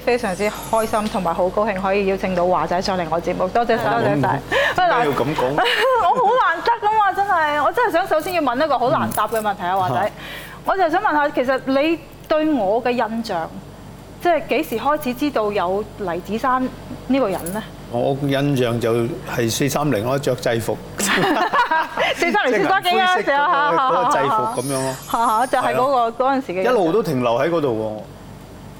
非常之開心。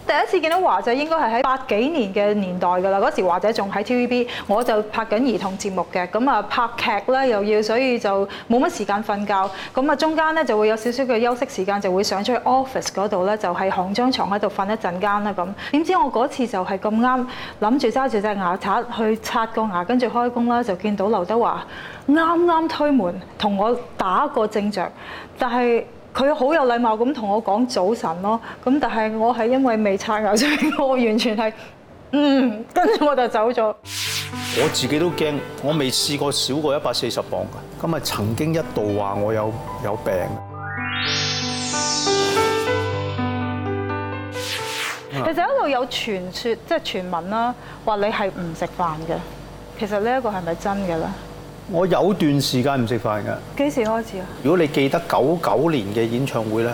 第一次見到華仔應該係喺八幾年嘅年代㗎啦，嗰時華仔仲喺 TVB，我就拍緊兒童節目嘅，咁啊拍劇咧又要，所以就冇乜時間瞓覺。咁啊中間咧就會有少少嘅休息時間，就會上出去 office 嗰度咧，就喺行張牀喺度瞓一陣間啦咁。點知我嗰次就係咁啱諗住揸住隻牙刷去刷個牙，跟住開工啦，就見到劉德華啱啱推門同我打個正着，但係，佢好有禮貌咁同我講早晨咯，咁但係我係因為未刷牙，所以我完全係嗯，跟住我就走咗。我自己都驚，我未試過少過一百四十磅嘅，咁啊曾經一度話我有有病其有。其實一度有傳說，即係傳聞啦，話你係唔食飯嘅，其實呢一個係咪真嘅咧？我有段時間唔食飯㗎。幾時開始啊？如果你記得九九年嘅演唱會咧，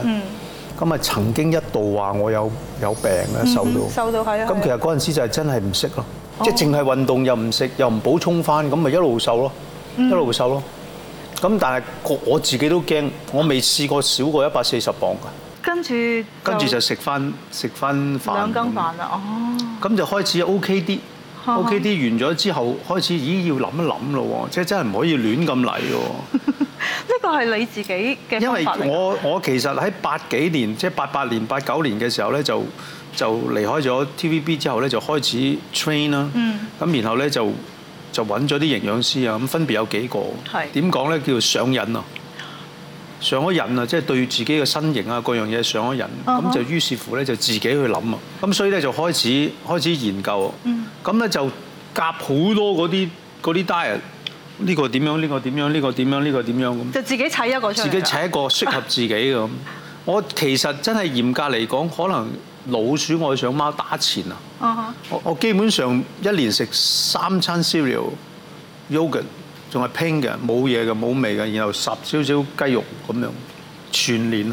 咁啊曾經一度話我有有病咧，瘦到瘦到係啊。咁其實嗰陣時就係真係唔識咯，即係淨係運動又唔食又唔補充翻，咁咪一路瘦咯，一路瘦咯。咁、嗯、但係我自己都驚，我未試過少過一百四十磅㗎。跟住跟住就食翻食翻飯兩羹飯啦，哦。咁就開始 OK 啲。O.K.D、okay. 完咗之後，開始咦要諗一諗咯喎，即係真係唔可以亂咁嚟喎。呢個係你自己嘅原因。因為我我其實喺八幾年，即係八八年、八九年嘅時候咧，就就離開咗 T.V.B. 之後咧，就開始 train 啦。咁然後咧就就搵咗啲營養師啊，咁分別有幾個。點講咧？叫做上癮啊！上咗癮啊！即係對自己嘅身形啊，各樣嘢上咗癮，咁、uh-huh. 就於是乎咧就自己去諗啊，咁所以咧就開始開始研究，咁、mm-hmm. 咧就夾好多嗰啲嗰啲 diet，呢個點樣？呢個點樣？呢個點樣？呢個點樣咁？就自己砌一個自己砌一個適合自己嘅。 我其實真係嚴格嚟講，可能老鼠愛上貓打錢啊！我、uh-huh. 我基本上一年食三餐 cereal, yogurt 仲係拼嘅，冇嘢嘅，冇味嘅，然後十少少雞肉咁樣，全年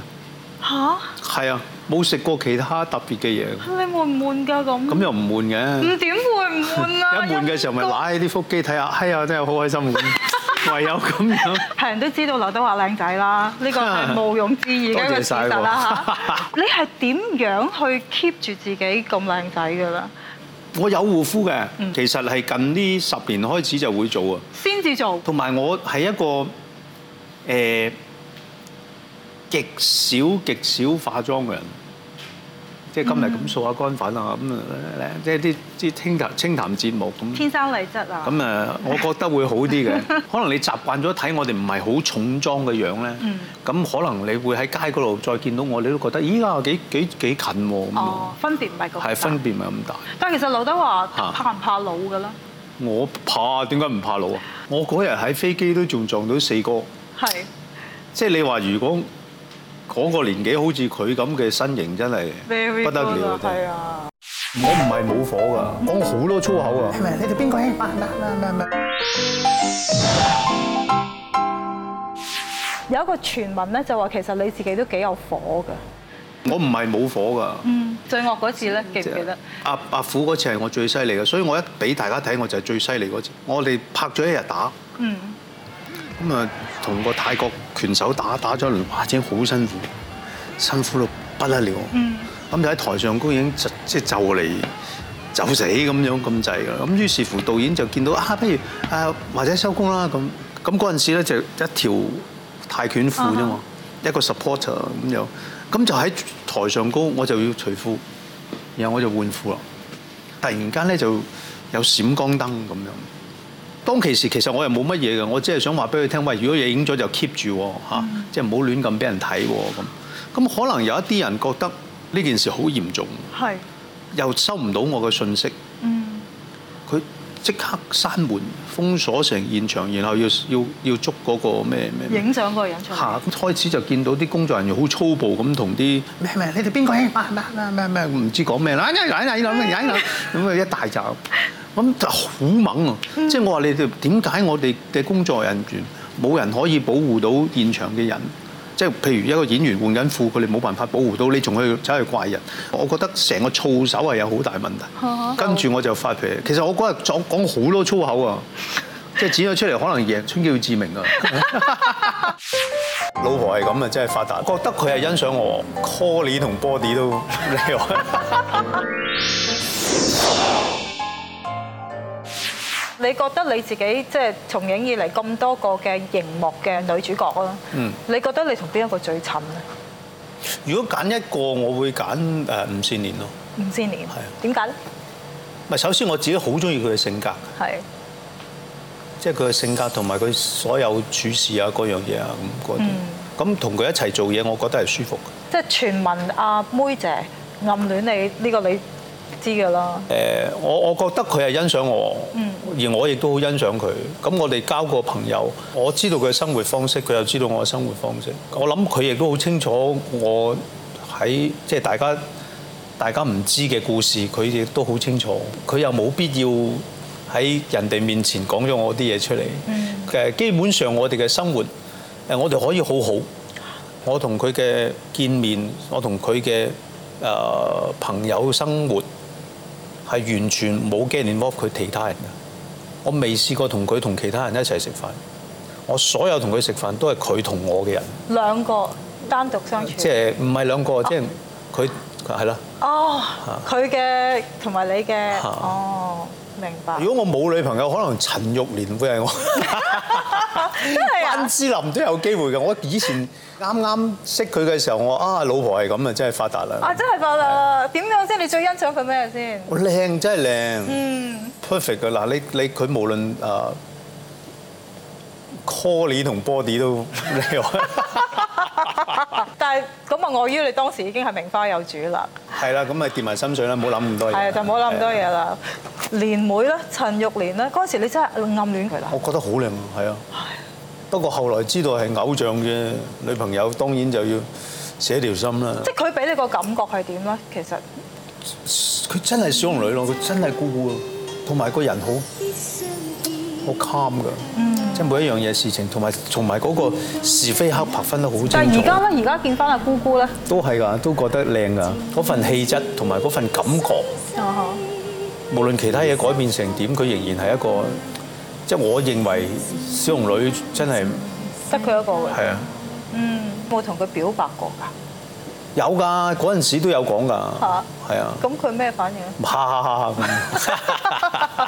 啊嚇，係啊，冇食過其他特別嘅嘢。你悶唔悶㗎咁？咁又唔悶嘅。唔點會唔悶啊？一悶嘅時候咪拉起啲腹肌睇下，哎呀真係好開心咁。唯有咁樣。係人都知道劉德華靚仔啦，呢個係毋庸置疑嘅一個事實啦嚇。你係點樣去 keep 住自己咁靚仔㗎啦？我有護膚嘅，其實係近呢十年開始就會做啊，先至做。同埋我係一個誒極少極少化妝嘅人。嗯、即係今日咁掃下乾粉啊，咁啊、嗯，即係啲啲清談清談節目咁。天生麗質啊！咁啊，我覺得會好啲嘅。 可能你習慣咗睇我哋唔係好重裝嘅樣咧，咁、嗯、可能你會喺街嗰度再見到我，你都覺得咦啊幾幾幾近喎、啊哦！分別唔係咁大。係分別唔係咁大。但係其實劉德華、啊、怕唔怕老㗎咧？我怕啊！點解唔怕老啊？我嗰日喺飛機都仲撞到四個。係。即係你話如果？嗰、那個年紀好似佢咁嘅身形真係不得了。係啊，我唔係冇火㗎，講好多粗口啊。係咪你哋邊個？有一個傳聞咧，就話其實你自己都幾有火㗎。我唔係冇火㗎。嗯，最惡嗰次咧，記唔記得？就是、阿阿虎嗰次係我最犀利嘅，所以我一俾大家睇我就係最犀利嗰次。我哋拍咗一日打。嗯。咁啊，同個泰國拳手打打咗一輪，哇！真係好辛苦，辛苦到不得了。咁就喺台上高已經即即走嚟走死咁樣咁滯啦。咁於是乎導演就見到啊，不如啊，或者收工啦咁。咁嗰陣時咧就一條泰拳褲啫嘛、啊，一個 supporter 咁樣。咁就喺台上高我就要除褲，然後我就換褲啦。突然間咧就有閃光燈咁樣。當其時其實我又冇乜嘢嘅，我只係想話俾佢聽，喂，如果嘢影咗就 keep 住吓，即係唔好亂咁俾人睇咁。咁可能有一啲人覺得呢件事好嚴重，係又收唔到我嘅信息，佢、嗯、即刻閂門封鎖成現場，然後要要要捉嗰個咩咩影相嗰個人出嚟，開始就見到啲工作人員好粗暴咁同啲咩咩，你哋邊個？咩咩咩咩唔知講咩咁一大集。咁、啊嗯、就好猛啊！即係我話你哋，點解我哋嘅工作人員冇人可以保護到現場嘅人？即、就、係、是、譬如一個演員換緊褲，佢哋冇辦法保護到你，你仲可以走去怪人？我覺得成個操守係有好大問題，跟住我就發脾氣。好好其實我嗰日講講好多粗口啊！即係剪咗出嚟，可能贏 春嬌志自明啊！ 老婆係咁啊，真係發達，覺得佢係欣賞我 c a l l 同 body 都 also... 你覺得你自己即係從影以嚟咁多個嘅熒幕嘅女主角咯。嗯，你覺得你同邊一個最襯咧？如果揀一個，我會揀誒吳千年咯。五千年，係啊？點解咧？唔係，首先我自己好中意佢嘅性格。係。即係佢嘅性格同埋佢所有處事啊，嗰樣嘢啊咁嗰度。嗯。咁同佢一齊做嘢，我覺得係舒服。即係傳聞阿妹姐暗戀你呢、呢個你，知嘅啦。誒，我我覺得佢係欣賞我，嗯、而我亦都好欣賞佢。咁我哋交過朋友，我知道佢嘅生活方式，佢又知道我嘅生活方式。我諗佢亦都好清楚我喺即係大家大家唔知嘅故事，佢亦都好清楚。佢又冇必要喺人哋面前講咗我啲嘢出嚟。嘅、嗯、基本上我哋嘅生活誒，我哋可以好好。我同佢嘅見面，我同佢嘅誒朋友生活。係完全冇 getting involved 佢其他人嘅，我未試過同佢同其他人一齊食飯，我所有同佢食飯都係佢同我嘅人，兩個單獨相處，即係唔係兩個，哦、即係佢係喇，哦，佢嘅同埋你嘅，哦。明白如果我冇女朋友，可能陳玉蓮會係我，因為 關之琳都有機會嘅。我以前啱啱識佢嘅時候，我啊老婆係咁啊，真係發達啦！啊，真係發達啦！點樣即係先？你最欣賞佢咩先？我靚真係靚，perfect 㗎嗱。你你佢無論誒 colly 同 body 都叻。 咁啊，礙於你當時已經係名花有主啦。係啦，咁咪掂埋心水啦，唔好諗咁多嘢。係就唔好諗咁多嘢啦。蓮妹啦，陳玉蓮啦，嗰陣時你真係暗戀佢啦。我覺得好靚，係啊。係。不過後來知道係偶像嘅女朋友，當然就要捨條心啦。即係佢俾你個感覺係點咧？其實佢真係小龍女咯，佢真係姑姑咯，同埋個人好，好 calm 噶。每一樣嘢事情，同埋同埋嗰個是非黑白分得好清楚。但係而家咧，而家見翻阿姑姑咧，都係㗎，都覺得靚㗎，嗰份氣質同埋嗰份感覺。哦、啊。無論其他嘢改變成點，佢仍然係一個，即係我認為小龍女真係得佢一個㗎。係啊。嗯，冇同佢表白過㗎？有㗎，嗰陣時都有講㗎。嚇。係啊。咁佢咩反應啊？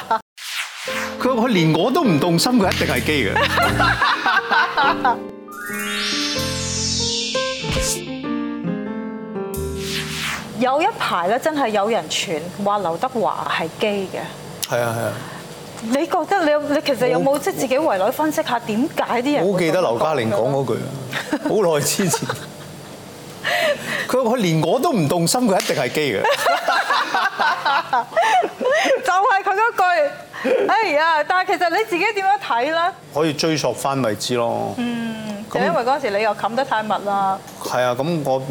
嚇！ 佢佢連我都唔動心，佢一定係基嘅。有一排咧，真係有人傳話劉德華係基嘅。係啊係啊！你覺得你你其實有冇即係自己圍內分析下點解啲人？我好記得劉嘉玲講嗰句啊，好耐之前。佢佢連我都唔動心，佢一定係基嘅。就係佢嗰句。哎呀！但係其實你自己點樣睇咧？可以追溯返咪知咯。嗯。就因為嗰時你又冚得太密啦。係啊，咁我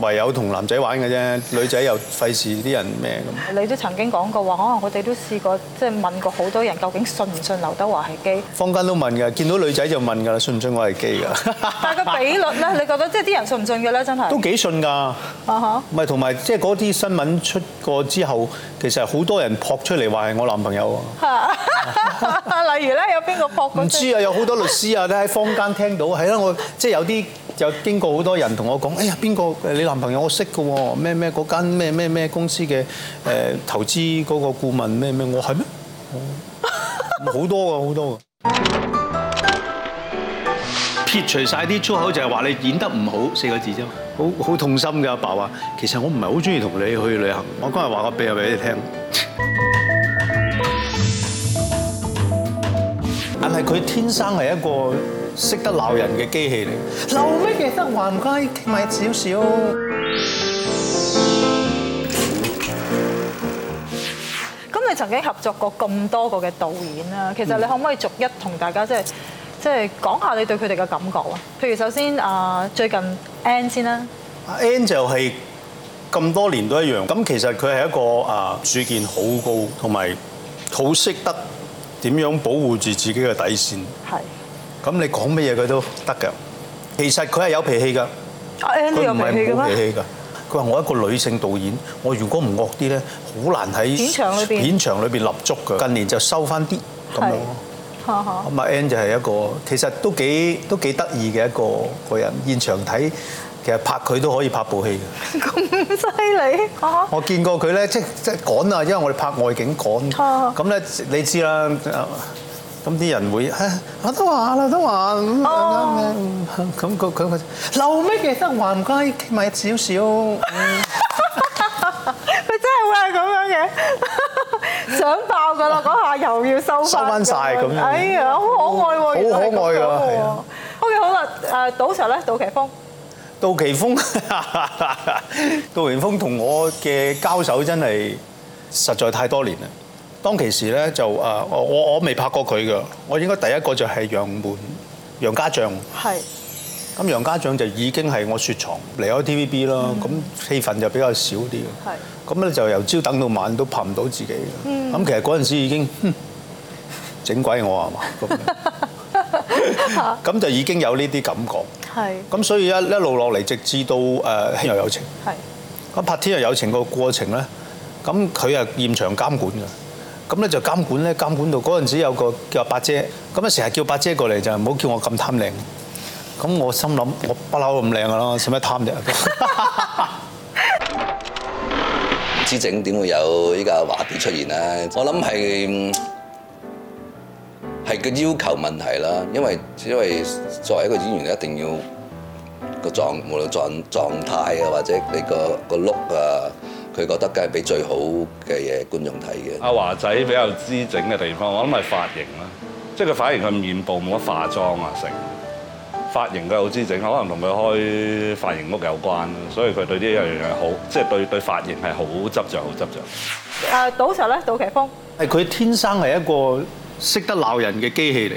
唯有同男仔玩嘅啫，女仔又費事啲人咩咁。你都曾經講過話，可能我哋都試過，即係問過好多人，究竟信唔信劉德華係基？坊間都問㗎，見到女仔就問㗎啦，信唔信我係基㗎？但係個比率咧， 你覺得即係啲人信唔信㗎咧？真係都幾信㗎。啊哈。唔係，同埋即係嗰啲新聞出過之後，其實好多人撲出嚟話係我男朋友啊。 例如咧，有邊個博？唔知啊，有好多律師啊，都喺坊間聽到。係啦，我即係、就係、有啲又經過好多人同我講，哎呀，邊個你男朋友我識嘅喎？咩咩嗰間咩咩咩公司嘅誒、呃、投資嗰個顧問咩咩？我係咩？好 多啊，好多啊。撇除晒啲粗口，就係、是、話你演得唔好四個字啫嘛。好好痛心嘅，阿爸話其實我唔係好鍾意同你去旅行。我今日話個秘密俾你聽。佢天生係一個識得鬧人嘅機器嚟，鬧咩嘅得，我唔怪，企埋少少。咁你曾經合作過咁多個嘅導演啦，其實你可唔可以逐一同大家即係即係講下你對佢哋嘅感覺啊？譬如首先啊，最近 Ann 先啦，Ann 就係咁多年都一樣。咁其實佢係一個啊，主見好高，同埋好識得。點樣保護住自己嘅底線？係。咁你講乜嘢佢都得㗎。其實佢係有脾氣㗎。阿 Ann 有脾氣咩？佢唔係冇脾氣㗎。佢話我一個女性導演，我如果唔惡啲咧，好難喺片場裏邊片場裏邊立足㗎。近年就收翻啲咁樣。哈哈。咁啊，阿 Ann 就係一個其實都幾都幾得意嘅一個個人。現場睇。其實拍佢都可以拍部戲嘅，咁犀利嚇！我見過佢咧，即即趕啊，因為我哋拍外景趕，咁咧你知啦，咁啲人會嚇，劉德華，劉德華咁，咁個佢個留咩嘅得還唔該，企埋少少，佢真係會係咁樣嘅，想爆噶啦嗰下，又要收收翻曬，哎呀，好可愛喎，原來係咁嘅，OK 好啦，誒，賭場咧，杜琪峯。杜琪峰， 杜琪峰同我嘅交手真係實在太多年啦。當其時咧就誒，我我我未拍過佢嘅，我應該第一個就係楊門楊家將。係。咁楊家將就已經係我雪藏離開 TVB 啦。嗯，咁戲份就比較少啲。係。咁咧就由朝等到晚都拍唔到自己。嗯。咁其實嗰陣時候已經整鬼我啊嘛。咁 就已經有呢啲感覺。係，咁所以一一路落嚟，直至到誒《天有情》。係，咁拍《天若有情》個過程咧，咁佢啊現場監管㗎，咁咧就監管咧監管到嗰陣時有個叫阿八姐，咁咧成日叫八姐過嚟就唔、是、好叫我咁貪靚，咁我心諗我要不嬲咁唔靚㗎咯，使乜貪啫？唔知整點會有依個話題出現咧？我諗係，係個要求問題啦，因為因為作為一個演員，一定要個狀無論狀狀態啊，或者你個個 look 啊，佢覺得梗係俾最好嘅嘢觀眾睇嘅。阿華仔比較姿整嘅地方，我諗係髮型啦，即係佢髮型佢面部冇乜化妝啊成，髮型佢好姿整，可能同佢開髮型屋有關，所以佢對呢一樣嘢好，即係對對髮型係好執着、好執著。誒、啊，賭神咧，杜琪峰，係佢天生係一個識得鬧人嘅機器嚟，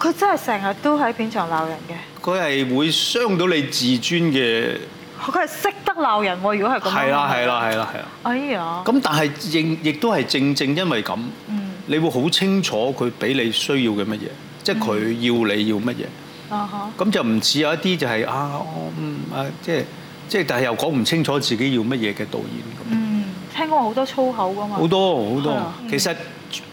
佢真係成日都喺片場鬧人嘅。佢係會傷到你自尊嘅。佢係識得鬧人喎、啊，如果係咁、啊。係啦、啊，係啦、啊，係啦，係啦。哎呀！咁但係亦亦都係正正因為咁、嗯，你會好清楚佢俾你需要嘅乜嘢，即係佢要你要乜嘢、嗯就是。啊咁就唔似有一啲就係啊，嗯啊，即係即係，但係又講唔清楚自己要乜嘢嘅導演咁。嗯，聽過好多粗口噶嘛。好多好多、啊，其實。嗯。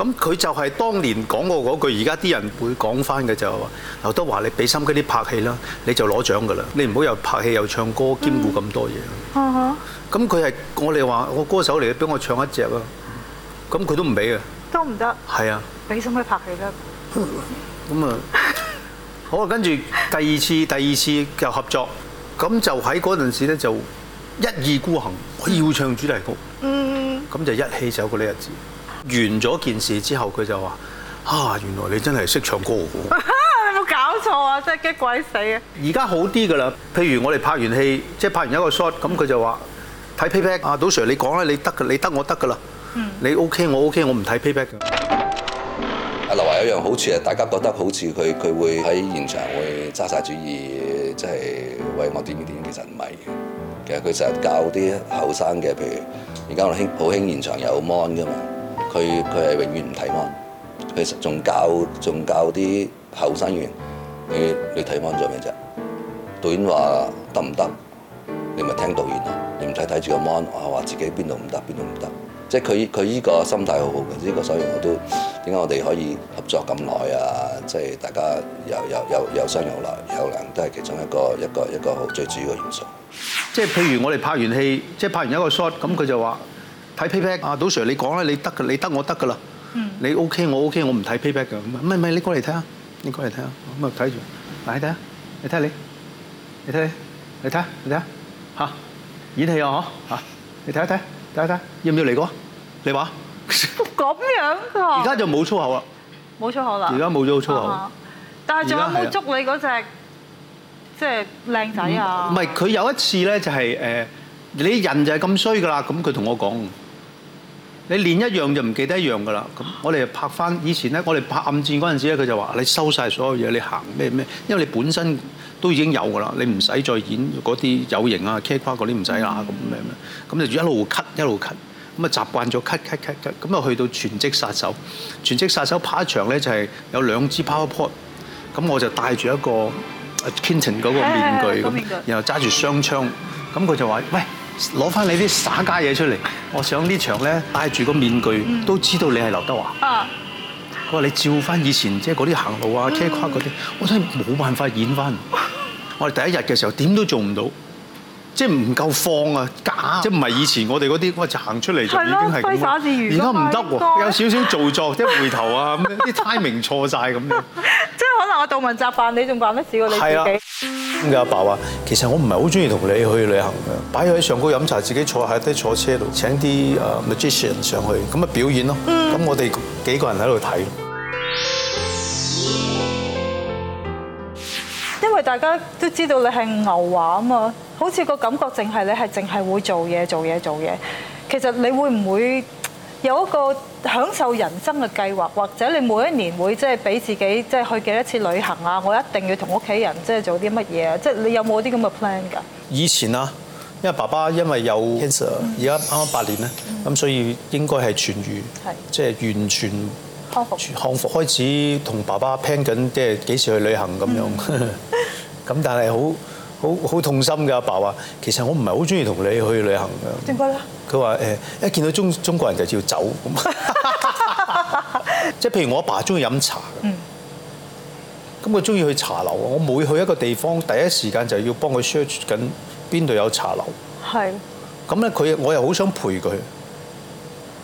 咁佢就係當年講過嗰句，而家啲人會講翻嘅就係話：劉德華，你俾心機啲拍戲啦，你就攞獎㗎啦。你唔好又拍戲又唱歌，兼顧咁多嘢。咁佢係我哋話我歌手嚟嘅，俾我唱一隻啊！咁佢都唔俾啊？都唔得。係啊，俾心機拍戲啦。咁 啊，好啊，跟住第二次、第二次又合作，咁就喺嗰陣時咧就一意孤行，我要唱主題曲。嗯，咁就一氣走過呢日子。完咗件事之後，佢就話：啊，原來你真係識唱歌嘅，有冇搞錯啊？真係激鬼死啊！而家好啲㗎啦。譬如我哋拍完戲，即係拍完一個 shot，咁佢就話睇 payback。阿杜 Sir，你講啦，你得嘅，你得我得㗎啦。嗯，你 O.K. 我 O.K. 我唔睇 payback 嘅。阿劉華有樣好處係，大家覺得好似佢佢會喺現場會揸晒主意，即係為我點點點。其實唔係嘅，其實佢成日教啲後生嘅，譬如而家我興好興現場有 mon 㗎嘛。佢佢係永遠唔睇 mon 佢實仲教仲教啲後生員，你你睇 mon 做咩啫？導演話得唔得？你咪聽導演咯，你唔使睇住個 mon 啊話自己邊度唔得邊度唔得。即係佢佢依個心態好好嘅，呢個所以我都點解我哋可以合作咁耐啊？即係大家又又又又有商有量，有可能都係其中一個一個一個好最主要嘅元素。即係譬如我哋拍完戲，即係拍完一個 shot，咁佢就話。睇 Payback 啊，到時你講啦，你得㗎，你得我得㗎啦。你 OK 我 OK，我唔睇 Payback 嘅。咁啊，唔係唔係你過嚟睇下，你過嚟睇下。咁啊睇住，你睇下，你睇下，你睇下，你睇你睇吓。演戲啊嗬嚇，你睇一睇，睇一睇要唔要嚟過你話，咁樣㗎。而家就冇粗口啦，冇粗口啦。而家冇咗粗口。但係仲有冇捉你嗰隻即係靚仔啊？唔係佢有一次咧，就係誒你人就係咁衰㗎啦。咁佢同我講。你練一樣就唔記得一樣㗎啦，咁我哋拍翻以前咧，我哋拍暗戰嗰陣時咧，佢就話：你收晒所有嘢，你行咩咩？因為你本身都已經有㗎啦，你唔使再演嗰啲有型啊、k h e m a 嗰啲唔使啦，咁樣咁你就一路 cut 一路 cut，咁啊習慣咗 cut cut cut cut，咁啊去到全職殺手，全職殺手拍一場咧就係、是、有兩支 powerpoint，咁我就戴住一個 Clinton 嗰、嗯啊嗯嗰個面具咁、嗯，然後揸住雙槍，咁佢就話：喂！攞翻你啲耍家嘢出嚟，我想呢場咧戴住個面具、嗯、都知道你係劉德華。啊！佢話你照翻以前即係嗰啲行路啊、車跨嗰啲，我真係冇辦法演翻。我哋第一日嘅時候點都做唔到，即係唔夠放啊假，即係唔係以前我哋嗰啲就行出嚟就已經係自如，而家唔得喎，有少少做作，即係回頭啊，啲 timing 錯曬咁樣。可能我杜汶澤扮你仲扮乜事喎？你自己咁阿爸話，其實我唔係好中意同你去旅行嘅，擺佢喺上高飲茶，自己坐喺低坐車度請啲誒 musician 上去，咁咪表演咯。咁、嗯、我哋幾個人喺度睇。因為大家都知道你係牛華啊嘛，好似個感覺淨係你係淨係會做嘢做嘢做嘢，其實你會唔會？有一個享受人生嘅計劃，或者你每一年會即係俾自己即係去幾多次旅行啊？我一定要同屋企人即係做啲乜嘢？即係你有冇啲咁嘅 plan 㗎？以前啊，因為爸爸因為有 cancer，而家啱啱八年咧，咁、嗯、所以應該係痊癒，即係、係、完全康復。康復開始同爸爸 plan 緊，即係幾時去旅行咁樣。咁、嗯、 但係好。好好痛心嘅阿爸話，其實我唔係好中意同你去旅行嘅。點解咧？佢話，誒，一見到中中國人就照走。即係譬如我阿爸中意飲茶嘅，咁佢中意去茶樓。我每去一個地方，第一時間就要幫佢 search 緊邊度有茶樓。係。咁咧，佢我又好想陪佢，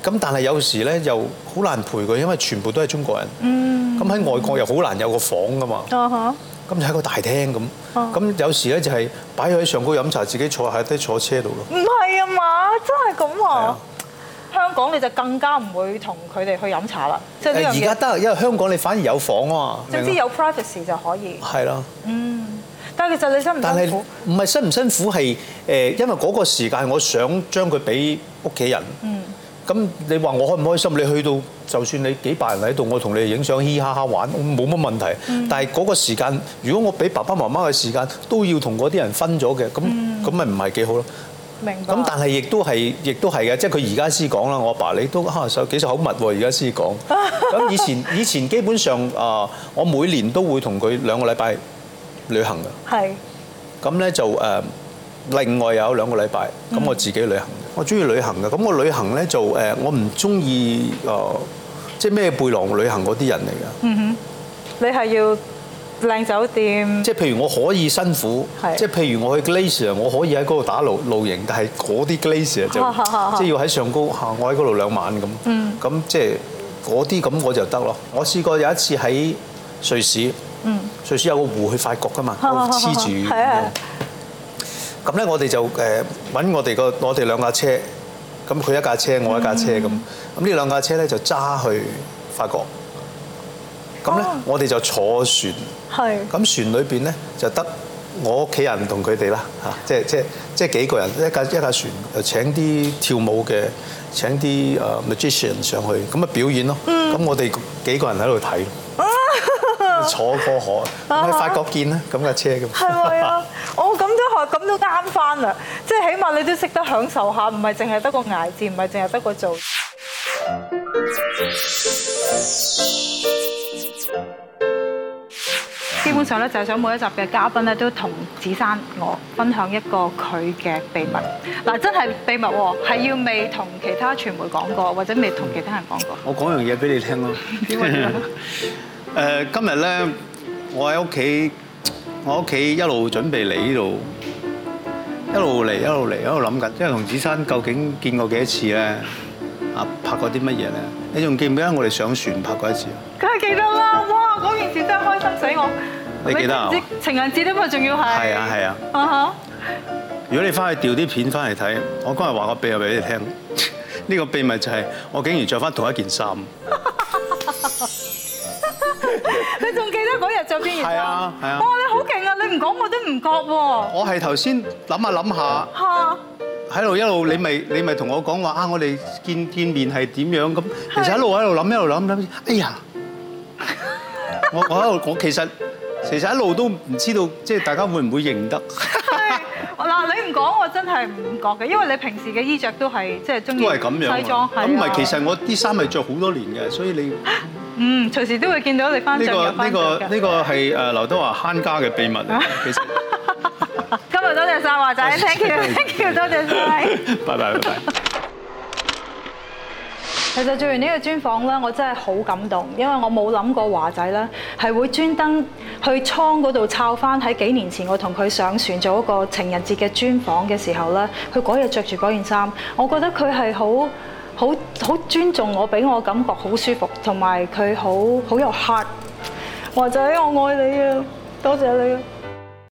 咁但係有時咧又好難陪佢，因為全部都係中國人。嗯。咁喺外國又好難有個房㗎嘛。嗯嗯啊咁就喺個大廳咁，咁、啊、有時咧就係擺佢喺上高飲茶，自己坐喺啲坐車度咯。唔係啊嘛，真係咁啊！香港你就更加唔會同佢哋去飲茶啦，即係你而家得，因為香港你反而有房啊嘛，總之有 privacy 就可以。係咯。嗯。但係其實你辛唔辛苦？唔係辛唔辛苦係誒、呃，因為嗰個時間，我想將佢俾屋企人。嗯咁你話我開唔開心？你去到就算你幾百人喺度，我同你影相嘻嘻哈哈玩，冇乜問題。嗯、但係嗰個時間，如果我俾爸爸媽媽嘅時間，都要同嗰啲人分咗嘅，咁咁咪唔係幾好咯？明白？但是也是。咁但係亦都係，亦都係嘅，即係佢而家先講啦。我阿爸，爸你都口幾十口密喎，而家先講。咁以前以前基本上啊、呃，我每年都會同佢兩個禮拜旅行㗎。係。咁呢就誒，另外有兩個禮拜，咁我自己旅行。嗯嗯我中意旅行嘅，咁我旅行咧就誒、呃，我唔中意誒，即係咩背囊旅行嗰啲人嚟㗎。嗯哼，你係要靚酒店？即係譬如我可以辛苦，係即係譬如我去 glacier，我可以喺嗰度打露露營，但係嗰啲 glacier 就、啊啊啊、即係要喺上高行、啊，我喺嗰度兩晚咁。嗯，咁即係嗰啲咁我就得咯。我試過有一次喺瑞士，嗯，瑞士有個湖去法國㗎嘛，黐住。係啊。嗰個咁咧，我哋就誒揾我哋個我哋兩架車，咁佢一架車，我一架車咁。咁、嗯、呢兩架車咧就揸去法國。咁咧，我哋就坐船。係。咁船裏面咧就得我屋企人同佢哋啦，嚇，即係即係即係幾個人一架一架，一架船，就請啲跳舞嘅，請啲誒 magician 上去，咁啊表演咯。咁、嗯、我哋幾個人喺度睇。坐過河，啊、去法國見啦，咁、啊、架車咁。係咪啊？ 我咁都學，咁都啱翻啦。即係起碼你都識得享受下，唔係淨係得個捱字，唔係淨係得個做。基本上咧，就係想每一集嘅嘉賓咧，都同子珊我分享一個佢嘅秘密。嗱，真係秘密喎，係要未同其他傳媒講過，或者未同其他人講過。我講樣嘢俾你聽咯。點啊？誒、呃、今日咧，我喺屋企，我屋企一路準備嚟呢度，一路嚟一路嚟一路諗緊，因為同梓珊究竟見過幾多次咧？啊，拍過啲乜嘢咧？你仲記唔記得我哋上船拍過一次？梗係記得啦！哇，嗰件事真係開心死我。你記得啊？不情人節都嘛，仲要係。係啊係啊。啊 uh-huh. 如果你翻去調啲片翻嚟睇，我今日話個秘密俾你聽，呢 個秘密就係我竟然着翻同一件衫。你仲記得嗰日就變然哥？係啊係啊！我話你好勁啊！你唔講我都唔覺喎。我係頭先諗下諗下，嚇，喺度一路你咪你咪同我講話啊！我哋見見面係點樣咁？其實一路喺度諗，一路諗諗，哎呀！我我我喺度講其實其實一路都唔知道，即係大家會唔會認得？講我真係唔覺嘅，因為你平時嘅衣着都係即係中意西裝。咁唔係，其實我啲衫係着好多年嘅，所以你，嗯，隨時都會見到你翻正入呢個呢、呢個呢、呢個係誒劉德華慳家嘅秘密。今、啊、日 多謝晒華仔，thank you thank you，多謝曬。拜拜拜拜。其實做完呢個專訪咧，我真係好感動，因為我冇諗過華仔咧係會專登去倉嗰度抄翻喺幾年前我同佢上船做一個情人節嘅專訪嘅時候咧，佢嗰日着住嗰件衫，我覺得佢係好好好尊重我，俾我感覺好舒服，同埋佢好好有 heart。華仔，我愛你啊！多謝你啊！